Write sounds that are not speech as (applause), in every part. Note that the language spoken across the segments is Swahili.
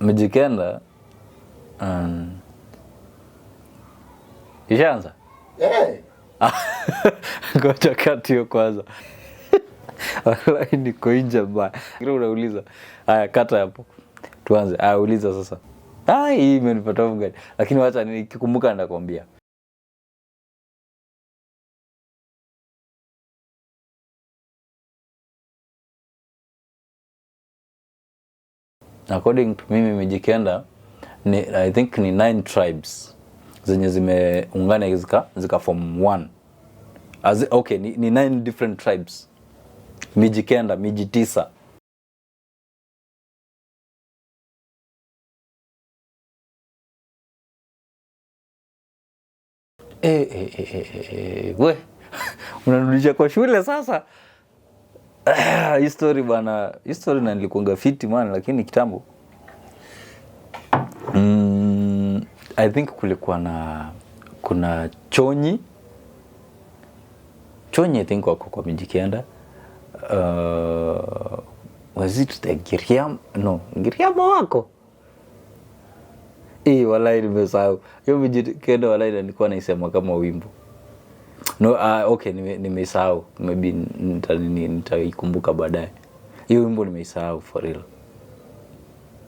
mjikenda um, ishaanza hey. (laughs) Ngoja kati hiyo kwanza, (laughs) niko nje mbaya. Unauliza haya, kata hapo, tuanze. Aya, uliza sasa. Ah, hii imenipata off lakini wacha nikikumbuka ndakwambia according to mimi Mijikenda ni, I think ni nine tribes zenye zimeungana zika, zika form one As, okay, ni, ni nine different tribes miji kenda miji tisa e, e, e, e, we (laughs) unanudisha kwa shule sasa. (clears throat) histori story bwana, hii na nilikuanga fiti man, lakini kitambo mm, I think kulikuwa na kuna Chonyi Chonyi I think wako kwa Mijikenda uh, was it the Giriam no Giriama wako eh, walai nimesahau hiyo Mijikenda, walai nilikuwa naisema kama wimbo No, uh, okay, nimeisahau nime maybe nitaikumbuka nita baadaye. Hiyo wimbo nimeisahau for real.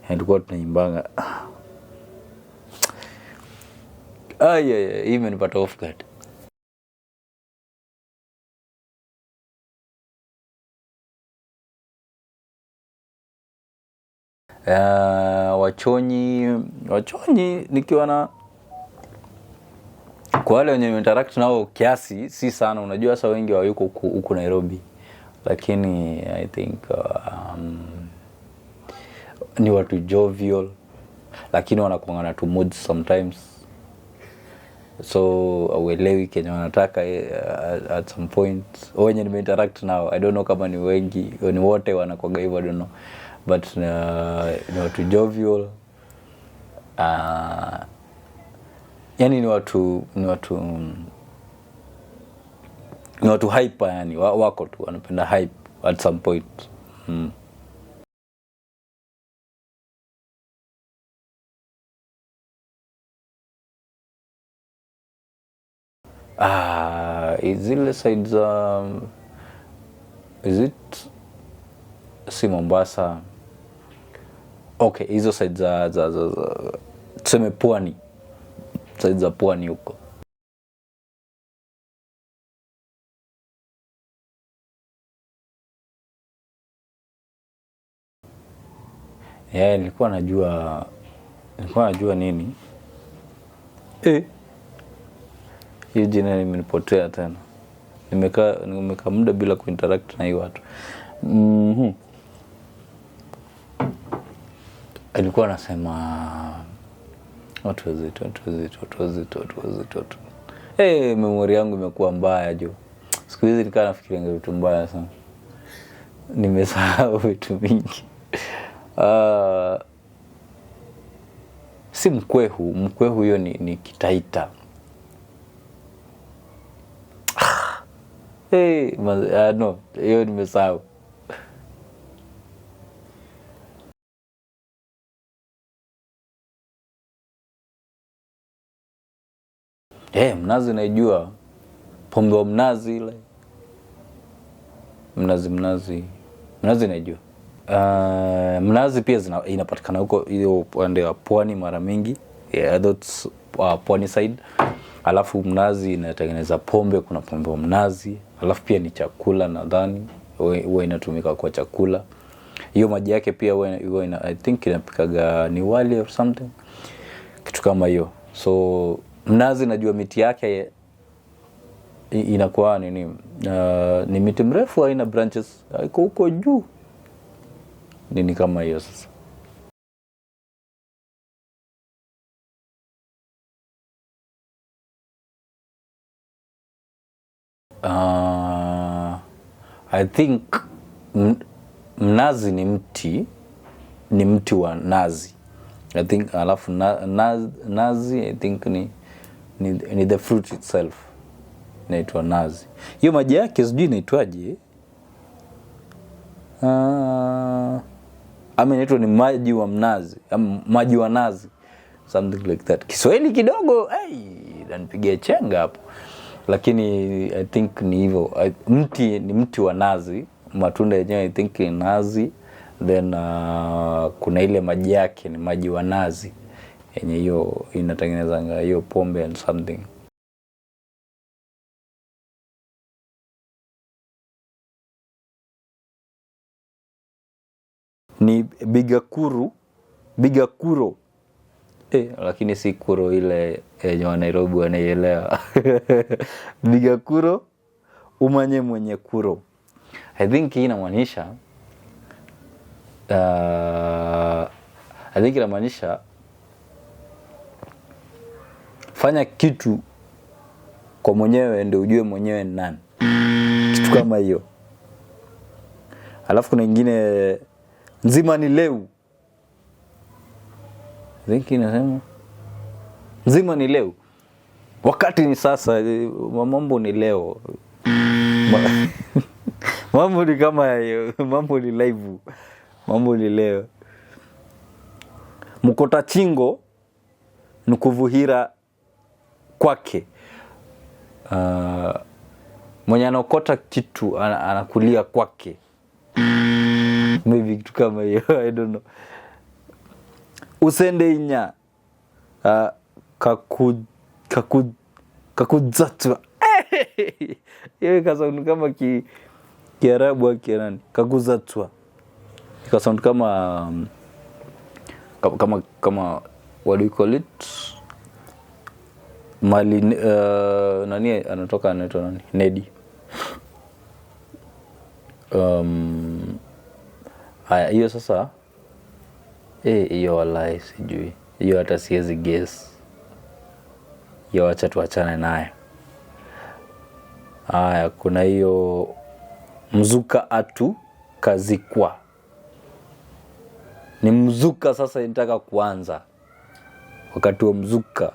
Tulikuwa tunaimbanga ah, yeah, yeah. Hii imenipata off guard. Uh, Wachonyi Wachonyi nikiwa na kwa wale wenye interact nao kiasi si sana, unajua hasa wengi wayuko huku Nairobi, lakini I think um, ni watu jovial, lakini wanakuangana na mood sometimes, so auelewi kenye wanataka uh, at some point. Wenye nimeinteract nao I don't know kama ni wengi ni wote wanakwaga hivyo, I don't know but uh, ni watu jovial uh, yani ni watu ni watu ni watu hype, yani wako tu wanapenda hype at some point mm. Ah, zile side za um, is it si Mombasa, okay, hizo side za, za, za, tuseme pwani saizi za pwani huko. Yeah, nilikuwa najua nilikuwa najua nini eh. hiyo e, jina limenipotea tena. Nimekaa nimekaa muda bila kuinteract na hii watu mm -hmm. Ilikuwa Watu wazito, watu wazito, watu wazito, watu wazito, watu. Hey, eh, memori yangu imekuwa mbaya jo. Siku hizi nikaa nafikirianga vitu mbaya sana, nimesahau (laughs) vitu vingi. Uh, ah, si mkwehu, mkwehu huyo ni, ni Kitaita. Ah, hey, eh, ah, no, hiyo nimesahau. Hey, eh, mnazi naijua, pombe wa mnazi ile mnazi mnazi mnazi naijua. Uh, mnazi pia zina, inapatikana huko hiyo upande wa pwani mara mingi yeah, that's, uh, pwani side. Alafu mnazi inatengeneza pombe, kuna pombe wa mnazi, alafu pia ni chakula nadhani huwa inatumika kwa chakula. Hiyo maji yake pia huwa I think inapikaga ni wali or something kitu kama hiyo so mnazi najua miti yake inakuwa nini, uh, ni miti mrefu, haina branches, iko huko juu, nini kama hiyo sasa. Uh, I think mnazi ni mti ni mti wa nazi I think, alafu na, na, nazi I think ni ni, ni the fruit itself inaitwa nazi. Hiyo maji yake sijui inaitwaje, uh, ama inaitwa ni maji wa mnazi ama maji wa nazi something like that. Kiswahili kidogo hey, nanipigia chenga hapo, lakini I think ni hivyo. Mti ni mti wa nazi, matunda yenyewe I think ni nazi, then uh, kuna ile maji yake ni maji wa nazi yenye hiyo inatengenezanga hiyo pombe and something ni bigakuru bigakuro eh, lakini si kuro ile yenye eh, Nairobi wanaielewa (laughs) bigakuro umanye mwenye kuro i think hii inamaanisha uh, i think inamaanisha fanya kitu kwa mwenyewe ndio ujue mwenyewe ni nani, kitu kama hiyo. Alafu kuna ingine nzima ni leu Zinki inasema nzima ni leu, wakati ni sasa, mambo ni leo (laughs) mambo ni kama hayo, mambo ni live, mambo ni leo. mkota chingo nukuvuhira kwake. Uh, mwenye anaokota kitu anakulia kwake, maybe kitu kama hiyo (laughs) I don't know. usendeinya uh, kaku, kaku, kakuzatwa (laughs) hiyo ikasaundu kama ki Kiarabu au kakuzatwa ikasaundu kama, um, kama kama what do you call it mali uh, nani anatoka anaitwa nani Nedi um, haya hiyo sasa eh, hiyo e, walai sijui hiyo hata siwezi guess hiyo wacha tuachane naye haya kuna hiyo mzuka atu kazikwa ni mzuka sasa nitaka kuanza wakati wa mzuka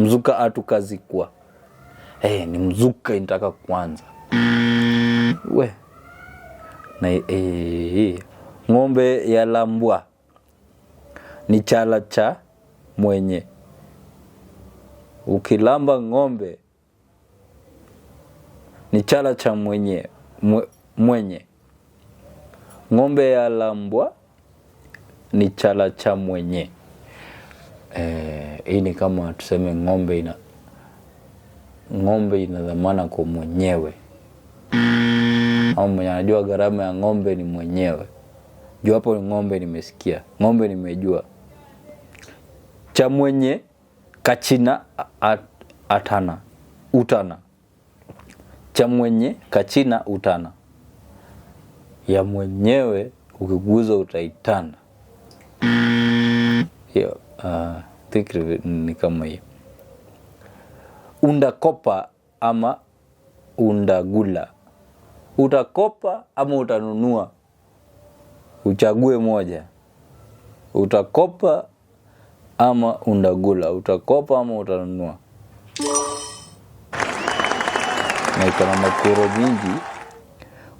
mzuka atukazikwa hey, eh, ni mzuka intaka kwanza we na hey, eh, ng'ombe yalambwa ni chala cha mwenye. Ukilamba ng'ombe ni chala cha mwenye mwenye. Ng'ombe yalambwa ni chala cha mwenye eh, hii ni kama tuseme ng'ombe ina ng'ombe ina dhamana kwa mwenyewe au mwenye anajua gharama ya ng'ombe ni mwenyewe. Juu hapo ng'ombe nimesikia, ng'ombe nimejua, cha mwenye kachina at, atana utana, cha mwenye kachina utana, ya mwenyewe ukiguza utaitana. Hiyo uh, ni kama hiyo undakopa ama undagula utakopa ama utanunua uchague moja utakopa ama undagula utakopa ama utanunua na iko na makuro mingi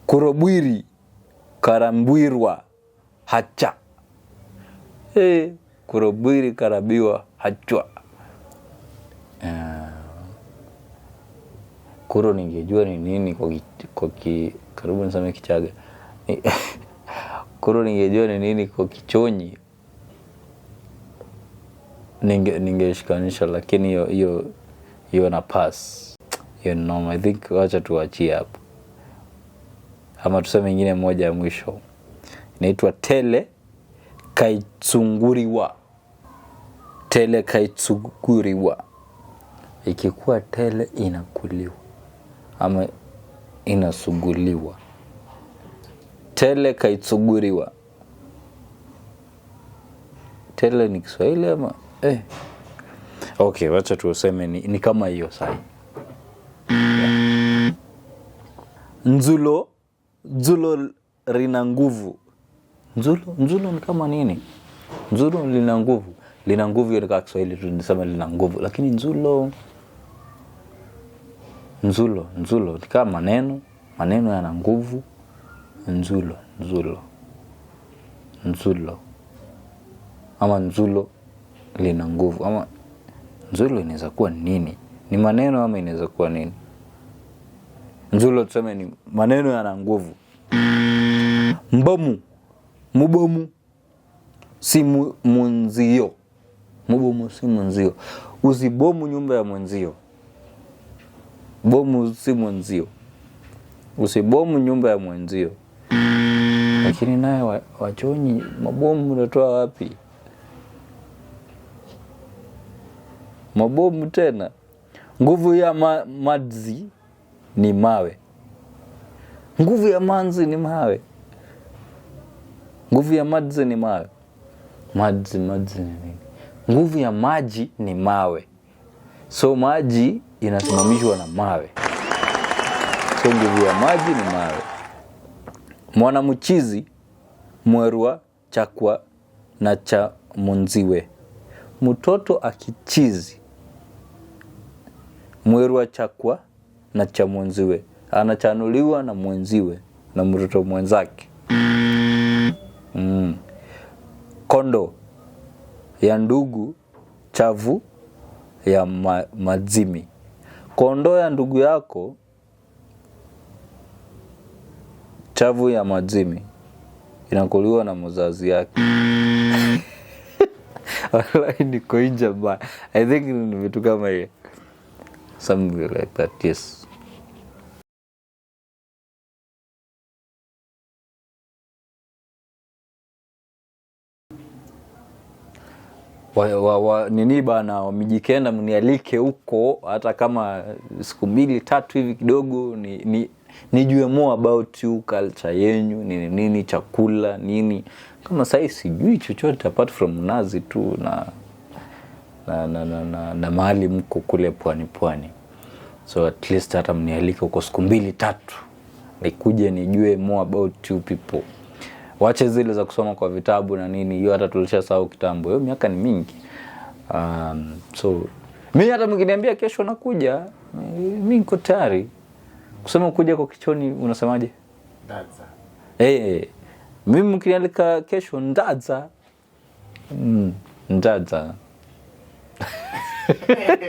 kurobwiri karambwirwa hacha hey. Eh kurobiri karabiwa hachwa uh, kuro ningejua ni nini kwa, ki, karibu niseme Kichaga (laughs) kuro ningejua ni nini kwa Kichonyi ningeshikanisha ninge, lakini hiyo hiyo hiyo na pass hiyo ni noma. I think wacha tuachie hapo, ama tuseme ingine moja ya mwisho inaitwa tele kaitsunguriwa tele kaitsuguriwa, ikikuwa tele inakuliwa ama inasuguliwa. Tele kaitsuguriwa, tele ni Kiswahili ama eh? Okay, wacha tuuseme ni, ni kama hiyo sahi Nzulo, nzulo rina nguvu. Nzulo, nzulo ni kama nini? Nzulo lina nguvu lina nguvu hiyo, kaa Kiswahili tu nisema lina nguvu, lakini nzulo nzulo nzulo nikaa maneno maneno yana nguvu. Nzulo nzulo nzulo ama nzulo lina nguvu ama nzulo inaweza kuwa nini? Ni maneno ama inaweza kuwa nini? Nzulo tuseme ni maneno yana nguvu. Mbomu mubomu si munzio mubomu si mwenzio, usibomu nyumba ya mwenzio, bomu si mwenzio, usibomu nyumba ya mwenzio. Lakini naye wachonyi mabomu unatoa wapi? Mabomu tena, nguvu ya ma madzi ni mawe, nguvu ya manzi ni mawe, nguvu ya madzi ni mawe. Madzi, madzi ni nini? nguvu ya maji ni mawe, so maji inasimamishwa na mawe, so nguvu ya maji ni mawe. mwanamchizi mwerwa chakwa na cha munziwe, mtoto akichizi mwerwa chakwa na cha munziwe, anachanuliwa na mwenziwe na mtoto mwenzake. ya ndugu chavu ya ma, mazimi. Kondoo ya ndugu yako chavu ya mazimi inakuliwa na mzazi yake. (laughs) niko inja ba I think ni vitu kama hiyo something like that yes. wa, wa, wa, nini bana wamijikenda mnialike huko hata kama siku mbili tatu hivi kidogo ni, ni nijue more about you culture yenyu nini nini chakula nini kama sahii sijui chochote apart from nazi tu na na, na, na, na, na mahali mko kule pwani pwani so at least hata mnialike huko siku mbili tatu nikuje nijue more about you people wache zile za kusoma kwa vitabu na nini, hiyo hata tulishasahau kitambo, hiyo miaka ni mingi. Um, so mi hata mkiniambia kesho nakuja, mi niko tayari kusema. Kuja kwa kichoni unasemaje? Ndaza. Hey, eh, eh. mimi mkinialika kesho ndaza, mm, ndaza (laughs)